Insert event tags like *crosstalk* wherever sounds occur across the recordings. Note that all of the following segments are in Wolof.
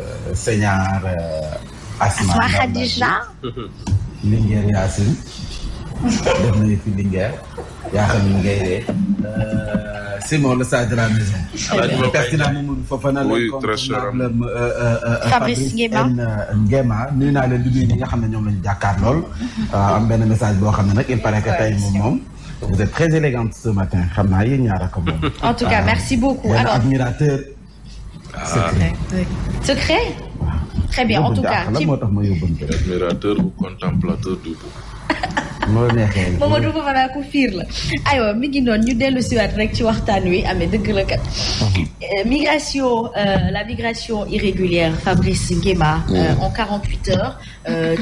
Euh, Señaar euh, Asma Khadija Linguère Yacine def nañu fi Linguère yaa xam ni ngay dee euh, Simon le sage de la maison. très pertinent Mamadou Fofana la incontournable Fabrice Nguema nuyu naa leen di nuyu ñi nga xam ne ñoom la ñu jàkkaar lool. am benn message boo xam ne nag il paraît que tey moom moom. vous êtes très élégante ce matin xam naa yéen ñaar ak moom. en tout cas merci beaucoup alors admirateur. secret ah. oui. secret. très bien en tout cas. lan moo tax ma yóbbante. admirateur ou contemplateur du bout. Mamadou Fofana ku mi ngi noonu ñu dellu siwaat rek ci waxtaan wi amee dëgg la kat euh, euh, la migration irrégulière Fabrice Nguema euh, en 48 heures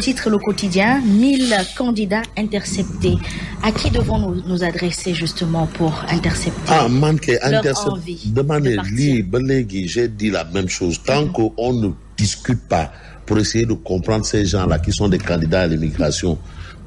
titre le quotidien 1000 candidats interceptés à qui devons-nous nous adresser justement pour ah, ba léegi j'ai dit la même chose tant mm-hmm. qu'on ne discute pas pour essayer de comprendre ces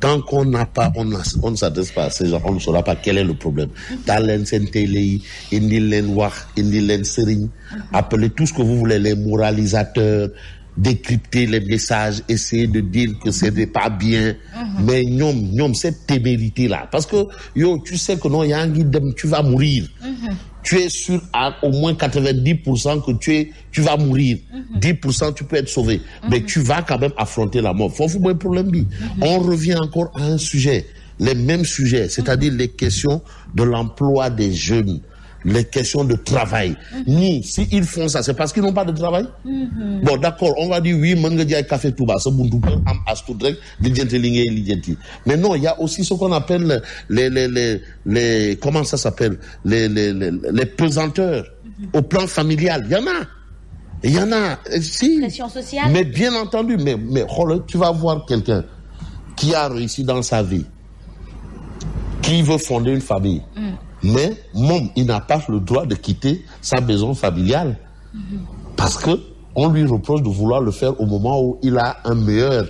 tant qu'on n'a pas on a on ne s'adresse pas à ces gens on ne saura pas quel est le problème taal leen seen télé yi indil leen wax indil leen sëriñ appelez tout ce que vous voulez les moralisateurs décrypter les messages essayer de dire que ce n'est pas bien mhm. mais ñoom ñoom cette témérité là parce que yow tu sais que non yaa ngi dem tu vas mourir mhm. tu es sûr à au moins 90% que tu, es, tu vas mourir. Mm -hmm. 10%, tu peux être sauvé. Mhm. la mort. Faut vous un problème. Mm -hmm. On revient encore à un sujet, les mêmes sujets, c'est-à-dire mhm. les questions les questions de travail. ñii mm-hmm. si ils font ça c'est parce qu'ils n'ont pas de travail. Mm-hmm. bon d'accord on va dire oui mën nga jaay café Touba sa buntu kër am as tuut rek lijjanti li ngay lijjanti mais non il y a aussi ce qu'on appelle les les les les comment ça s'appelle les les les les pesanteurs. Mm-hmm. au plan familial il y en a. il y en a euh, si. pression sociale mais bien entendu mais mais xoolal tu vas voir quelqu'un qui a réussi dans sa vie qui veut fonder une famille. mais moom il n'a pas le droit de quitter sa maison familiale parce que on lui reproche de vouloir le faire au moment où il a un meilleur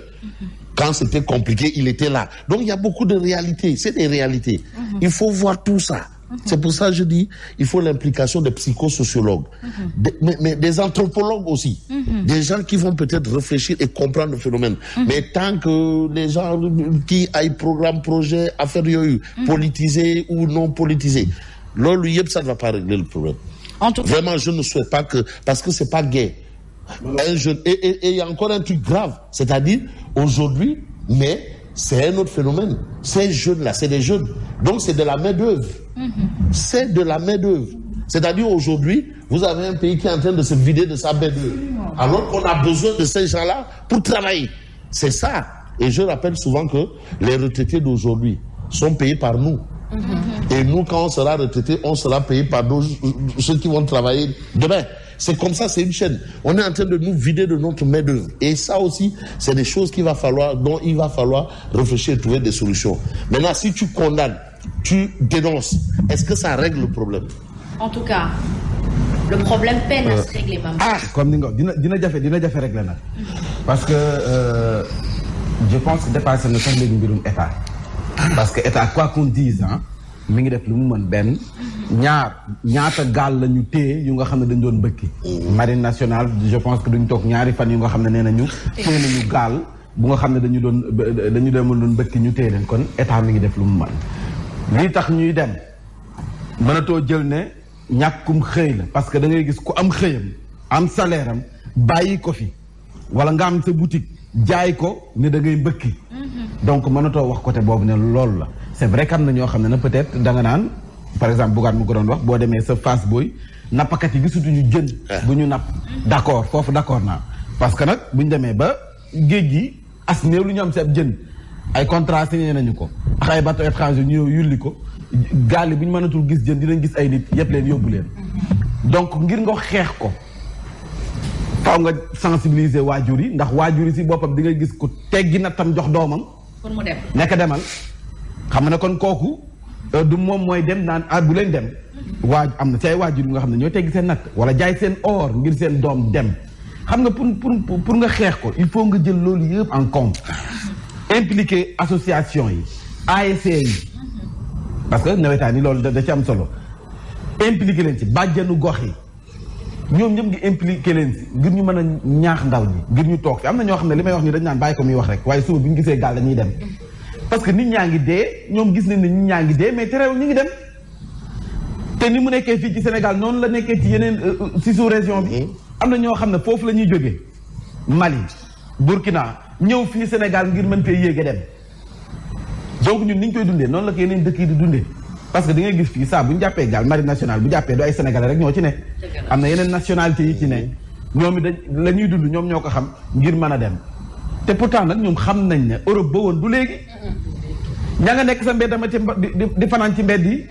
quand c'était compliqué il était là donc il y a beaucoup de réalités c'est des réalités il faut voir tout ça Mhm. C'est pour ça que je dis il faut l'implication des psychosociologues, mhm. des, mais, mais, des anthropologues aussi, mhm. des gens qui vont peut-être réfléchir et comprendre le phénomène. Mais tant que les gens qui aillent programme, projet, affaires yooyu, politisés ou non politisés, loolu yëpp ça ne va pas régler le problème. En tout cas, vraiment je ne souhaite pas que parce que c'est pas gay. Un jeune et il y a encore un truc grave, c'est-à-dire aujourd'hui mais c'est un autre phénomène. Ces jeunes-là, c'est des jeune Donc c'est de la main-d'œuvre. Mm-hmm. C'est de la main-d'œuvre. C'est-à-dire aujourd'hui, vous avez un pays qui est en train de se vider de sa main-d'œuvre. Alors qu'on a besoin de ces gens-là pour travailler. C'est ça. Et je rappelle souvent que les retraités d'aujourd'hui sont payés par nous. Mm-hmm. Et nous, quand on sera retraité, on sera payé par nos, euh, ceux qui vont travailler demain. C'est comme ça, c'est une chaîne. On est en train de nous vider de notre main-d'œuvre. Et ça aussi, c'est des choses qu'il va falloir, dont il va falloir réfléchir et trouver des solutions. Maintenant, si tu condamnes, tu dénonces, est-ce que ça règle le problème? En tout cas. le problème peine à se euh, régler maman. Ah, comme ni dina dina jafe dina jafe régler nag. parce que euh, je pense que dépassé na sax léegi mbirum état. que état quoi qu'on dise ah. mi ngi def lu mu mën benn ñaar ñaata gaal la ñu téye yu nga xam ne dañu doon bëkki marine nationale je pense que duñ toog ñaari fan yu nga xam ne nee nañu téye nañu gaal bu nga xam ne dañu doon dañu mën doon bëkki ñu téye leen kon état mi ngi def lu mu mën lii tax ñuy dem mënatoo jël ne ñàkkum xëy la parce que da ngay gis ku am xëyam am saleeram bàyyi ko fi wala nga am sa boutique jaay ko ne da bëkki mm-hmm. donc mënatoo wax côté boobu ne loolu la c'est vrai que na ñoo xam ne na peut-être danga naan par exemple Bougane mu ko doon wax boo demee sa face booy nappakat yi gisutuñu jën ah. bu ñu napp d'accord foofu d'accord naa parce que nag bu ñu demee ba géej gi as néew lu ñu am si ab jën ay contrat signé nañu ko ak ay bateau étranger ñu yulli ko gaal bu ñu mënatul gis jën dinañ gis ay nit yëpp leen yóbbu leen donc ngir nga xeex ko faaw nga sensibiliser waajur yi ndax waajur yi si boppam di nga gis ku teggi na tam jox doomam pour demal xam na kon kooku euh, du moom mooy dem naan ah bu leen dem waaj am na say waajur nga xam ne ñoo tegg seen nag wala jaay seen or ngir seen doom dem xam nga pour pour pour nga xeex ko il faut nga jël loolu yëpp en compte impliqué association yi ASC yi parce que nawetaan yi loolu da ci am solo impliqué leen ci bàjjanu gox yi ñoom ñëpp ngi impliqué leen si ngir ñu mën a ñaax ndaw ñi ngir ñu toog fi am na ñoo xam ne li may wax ni dañ naan waaye suba bu ñu gisee gaal dañuy dem parce que nit ñaa ngi dee ñoom gis nañ ne ñaa ngi dee mais terewul ñu ngi dem te ni mu nekkee fii ci Sénégal noonu la nekkee ci yeneen si euh, euh, sous région bi am na ñoo xam ne foofu la ñuy jógee Mali Burkina ñëw fii Sénégal ngir mën fee yéege dem donc ñun ni ñu koy dundee noonu la ko yeneen dëkk yi di dundee parce que da ngay gis fii saa bu ñu jàppee gaal marine nationale bu jàppee du ay sénégalais rek ñoo ci ne am na yeneen nationalité yi ci ne ñoom it dañ la ñuy ñoom ñoo ko xam ngir mën a dem te pourtant nag ñoom xam nañ ne Europe ba woon du léegi mm-hmm. ña nga nekk sa mbedd ma ci di di fanaan ci mbedd yi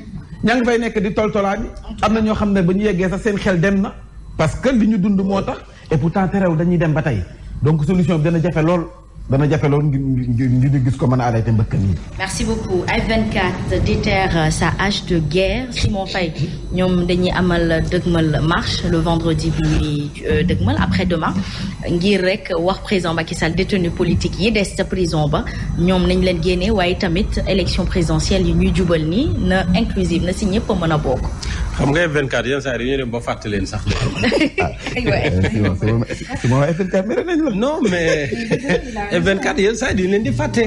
ña nga fay nekk di toltolaa bi am na ñoo xam ne ba ñu yeggee sax seen xel dem na parce que li ñu dund moo tax et pourtant te réew dañuy dem ba tey donc solution bi dana jafe lool dana jafe lool ngir ngir gis ko mën a arrêté mbëkkan yi. merci beaucoup F24 déterre sa hache de guerre Simon Faye ñoom dañuy amal dëgmal marche le vendredi bi ñuy euh, dëgmal après demain ngir rek wax président Macky Sall détenu politique yi des sa prison ba ñoom nañ leen génne waaye tamit élection présidentielle yi ñuy jubal nii na inclusive na si ñëpp mën a bokk. xam nga F24 yenn saa yi ñu dem ba fàtte leen sax. F24 mere nañ la. non mais F24 yenn leen di fàtte.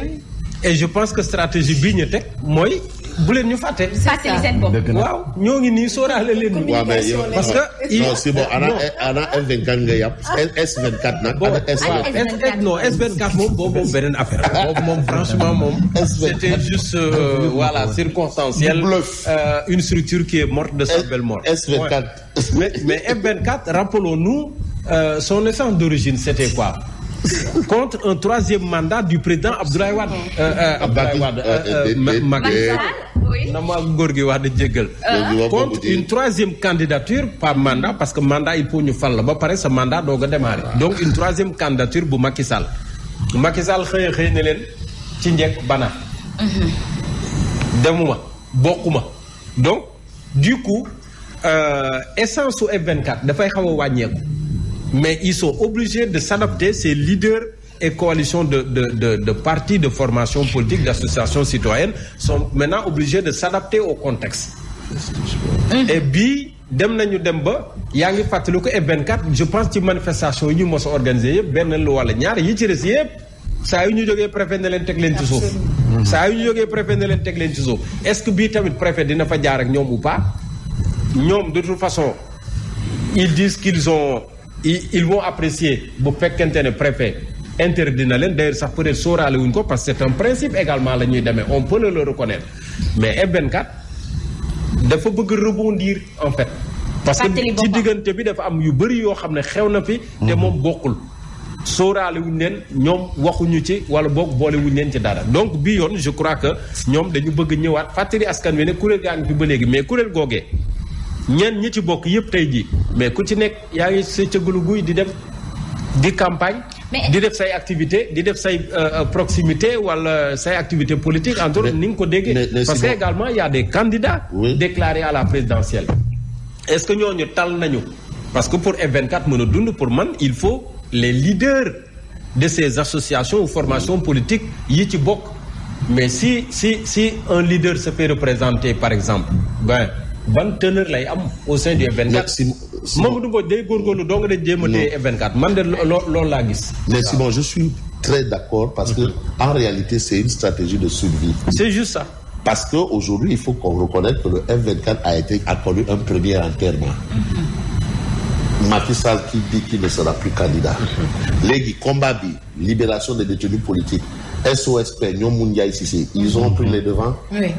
et je pense que stratégie bii ñu teg mooy. bu leen ñu fàtte. fàttali waaw ñoo ngi nii sóoraale leen. communication parce que. non si bon ana ana F24 nga yàpp ah. S24 nag. ana S24 non S24 moom boobu moom beneen affaire boobu moom franchement moom. c'était juste euh, voilà circonstanciel. Euh, une structure qui est morte de sa belle mort. S24 mais mais nous euh, son essence d'origine c'était quoi. *laughs* contre un troisième mandat du président Abdoulaye Wade. Euh, euh, Abdoulaye Wade euh, Macky Sall na ma góor gi wax da jéggal contre une troisième candidature par mandat parce que mandat il faut ñu fal la ba pare sa mandat doog a démarrer. Ah. donc une troisième candidature bu Macky Sall. Macky Sall xëy xëy na leen ci njëkk bana. Mhm. demuma bokkuma donc du coup essence su F24 dafay xaw a wàññeeku. mais ils sont obligés de s'adapter ces leaders et coalitions de de de de partis de formation politique d'associations citoyennes sont maintenant obligés de s'adapter au contexte et bii dem nañu dem ba yaa ngi fàttali ko F24 je pense ci manifestation yi ñu mos a organisé yëpp benn lu wala ñaar yi ci res yëpp saa yu ñu jógee préfet ne leen teg leen ci suuf saa yu ñu jógee préfet ne leen teg leen ci suuf est-ce que bii tamit préfet dina fa jaar ak pas ñoom de façon ils disent ils vont apprécier bu fekkente ne préfet interdit na leen d'ailleurs sax peut-être sóoraale wuñ ko parce que c'est un principe également la ñuy demee on peut le reconnaître mais F24 dafa bëgg rebondir en fait. parce que ci diggante bi dafa am yu bëri yoo xam ne xew na fi. te mhm. moom bokkul. sóoraale wuñ leen ñoom waxuñu ci wala boog boole wuñ leen ci dara donc bii yoon je crois que ñoom dañu bëgg ñëwaat fàttali askan wi ne kuréel gaa ngi fi ba léegi mais kuréel googee. ñenn ñi ci bokk yëpp tey jii mais ku ci nekk yaa ngi sa cëggalu guy di dem di campagne. di def say activité di def say euh, euh, proximité wala say activité politique en tout ni nga ko déggee. parce que également y a des candidats. déclarés à la présidentielle. est-ce que ñooñu tal nañu. parce que pour F24 mën a dund pour man il faut les leaders de ces associations ou formations politiques yi ci bokk mais si si si un leader se fait représenter par exemple ban teneur lay am au sein du F24. merci Mamadou Mbodj day góorgóorlu doo de F24 man de loolu laa gis. mais Simon je suis très d'accord parce que en réalité c'est une stratégie de survie. c'est juste ça. parce que il faut qu'on reconnaisse que le f a été accordé un premier enterrement. Mm-hmm. Macky qui dit qu'il ne sera plus candidat. Mm-hmm. léegi combat bi libération des détenus politiques SOSP ñoom Moundiaye Cissé ils ont mm-hmm. pris les devants. oui. *laughs*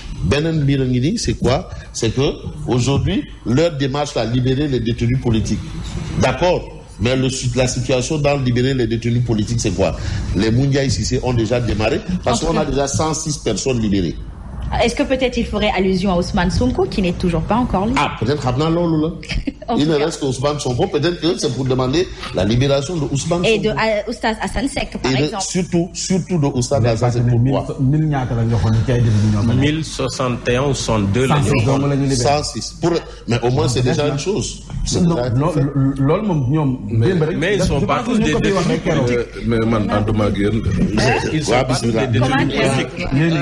beneen mbir a ngi nii c'est quoi c'est que aujourd'hui leur démarche la libérer les détenus politiques d'accord mais le, la situation dans libérer les détenus politiques c'est quoi les Moundiaye Cissé ont déjà démarré parce qu'on a déjà personnes libérées est-ce que peut-être il ferait allusion à Ousmane Sonko qui n'est toujours pas encore libre ah, peut-être xam naa loolu la. il ne reste que Ousmane Sonko peut-être que c'est pour la libération de Ousmane. Sonko et de euh, Oustaz Assane Seck par exemple et de surtout surtout de Oustaz Assane Seck pourquoi. la ñu waxoon ci ay déglu mille soixante et un ou mais au moins c'est déjà une chose. mais ils sont pas tous des détenus euh, mais man sont euh, pas tous des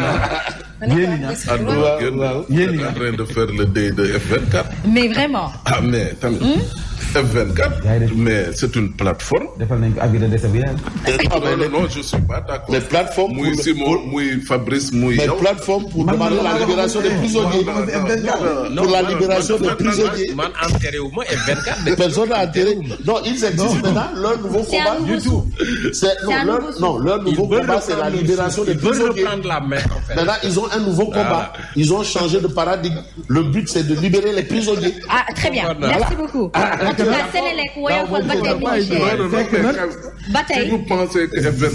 yéen ñi ñaax waaw waaw yéen ñi ñaax en train de faire le dé de F24. mais vraiment. ah mais tamit. Hmm? F24 mais c'est une plateforme. de décès bi ah, non non je suis pas d'accord. mais plateforme muy Simon muy pour la libération des prisonniers. pour la libération des prisonniers. man personne n'a enterré non ils existent nouveau combat. c'est la libération des prisonniers. maintenant ils ont un nouveau combat. ils ont changé de paradigme. le but c'est de libérer les prisonniers. Ah, très bien merci beaucoup. Ah, la Sénélec woyal ko ba tey bi ñu cher ba tey si vous pensez que a. waaw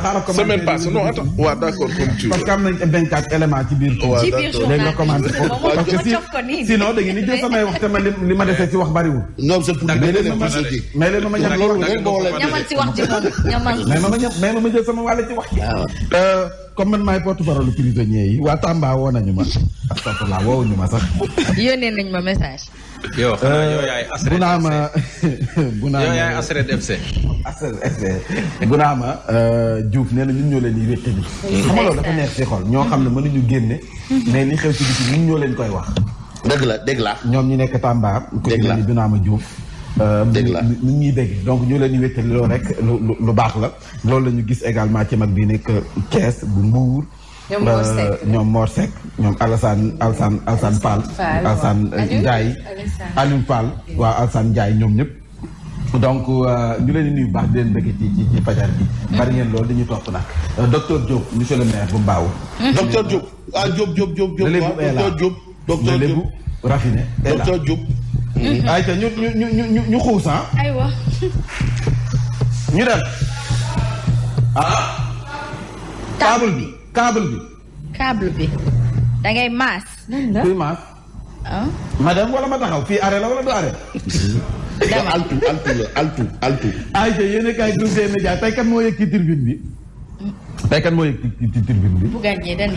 xaaral commenté semaine passée non attends waaw d' accord comme tu parce que am nañ F24 élément ci biir. ci ma defee ci wax bariwul. non c' est ma ñam loolu rek ma ma ñam ah, euh, nañu ma message. yow xanaa yow yaay Asred FC Bunaama Bunaama yow yaay Asred FC. Bunaama Diouf nee na ñun ñoo leen di wéttali. xam nga loolu dafa neex ci xol ñoo xam ne mënuñu génne. mais li xew ci biti ñun ñoo leen koy wax. dëgg la dëgg la. ñoom ñi nekk Tamba. dëgg la ku ci Bunaama Diouf. dëgg la ñuy dégg donc ñu leen di wéttali loolu rek lu lu baax la. loolu lañu gis également ci mag bi nekk Thiès bu Mbour. ñoom Mor Seck ñoom Mor Seck ñoom Alassane Alassane Alassane Pall. Alassane euh, Ndiaye Alioune Pall Ndiaye ñoom ñëpp. donc euh, ñu leen di nuyu baax di leen bëgg ci fajar bi. bari ngeen loolu dañuy topp nag. Euh, docteur Diop monsieur le maire bu Mbao. Hmm? docteur Diop ah Diop Diop Diop. Diop docteur Diop. docteur Diop raffiné. docteur hmm. ñu ñu ñu ñu ñu ñu ñu dem. ah. bi. câble bi. câble bi da ngay maas. kuy maas. ah. ma taxaw fii arrêt la wala du arrêt. *laughs* dama altu altu la altu altu. ayca yéen a kaay groupe des moo yëg ci tribune bi. Mm. tey kan moo yëg ci tribune bi. bu gàññee dañuy.